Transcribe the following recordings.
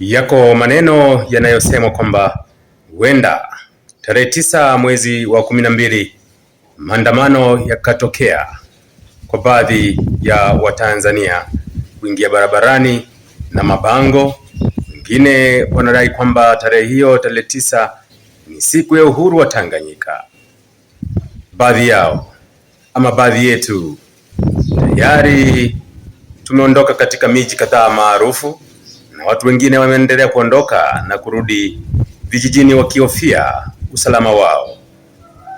Yako maneno yanayosemwa kwamba huenda tarehe tisa mwezi wa kumi na mbili maandamano yakatokea kwa baadhi ya Watanzania kuingia barabarani na mabango. Wengine wanadai kwamba tarehe hiyo, tarehe tisa, ni siku ya uhuru wa Tanganyika. Baadhi yao ama baadhi yetu tayari tumeondoka katika miji kadhaa maarufu na watu wengine wameendelea kuondoka na kurudi vijijini wakihofia usalama wao,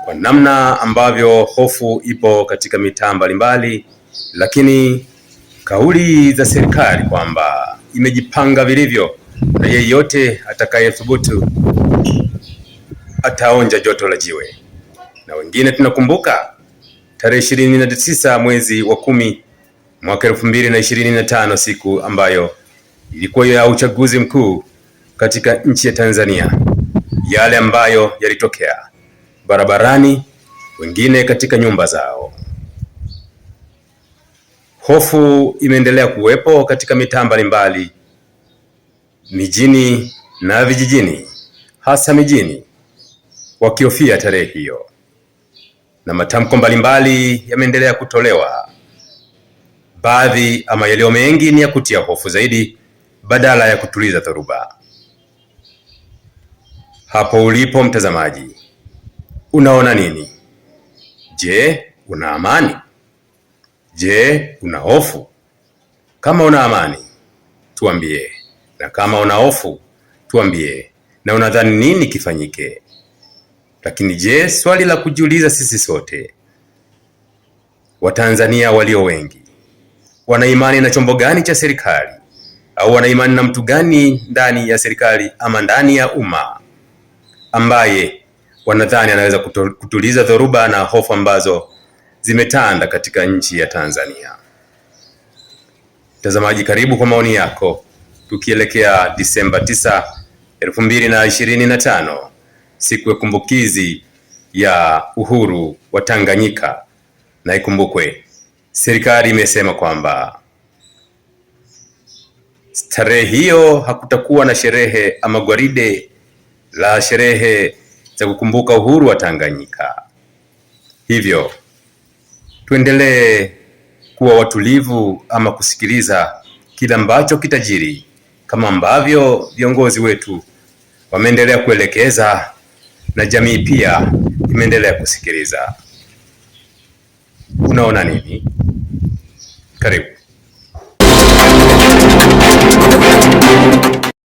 kwa namna ambavyo hofu ipo katika mitaa mbalimbali, lakini kauli za serikali kwamba imejipanga vilivyo na yeyote atakayethubutu ataonja joto la jiwe. Na wengine tunakumbuka tarehe ishirini na tisa mwezi wa kumi mwaka elfu mbili na ishirini na tano siku ambayo ilikuwa ya uchaguzi mkuu katika nchi ya Tanzania, yale ambayo yalitokea barabarani, wengine katika nyumba zao. Hofu imeendelea kuwepo katika mitaa mbalimbali mijini na vijijini, hasa mijini, wakihofia tarehe hiyo, na matamko mbalimbali yameendelea kutolewa, baadhi ama yaliyo mengi ni ya kutia hofu zaidi badala ya kutuliza dhoruba. Hapo ulipo mtazamaji, unaona nini? Je, una amani? Je, una hofu? Kama una amani tuambie, na kama una hofu tuambie, na unadhani nini kifanyike? Lakini je, swali la kujiuliza sisi sote, Watanzania walio wengi wana imani na chombo gani cha serikali au wana imani na mtu gani ndani ya serikali ama ndani ya umma ambaye wanadhani anaweza kutuliza dhoruba na hofu ambazo zimetanda katika nchi ya Tanzania. Mtazamaji, karibu kwa maoni yako, tukielekea Disemba 9 elfu mbili na ishirini na tano, siku ya kumbukizi ya uhuru wa Tanganyika. Na ikumbukwe serikali imesema kwamba Starehe hiyo hakutakuwa na sherehe ama gwaride la sherehe za kukumbuka uhuru wa Tanganyika. Hivyo tuendelee kuwa watulivu ama kusikiliza kile ambacho kitajiri, kama ambavyo viongozi wetu wameendelea kuelekeza na jamii pia imeendelea kusikiliza. Unaona nini? Karibu.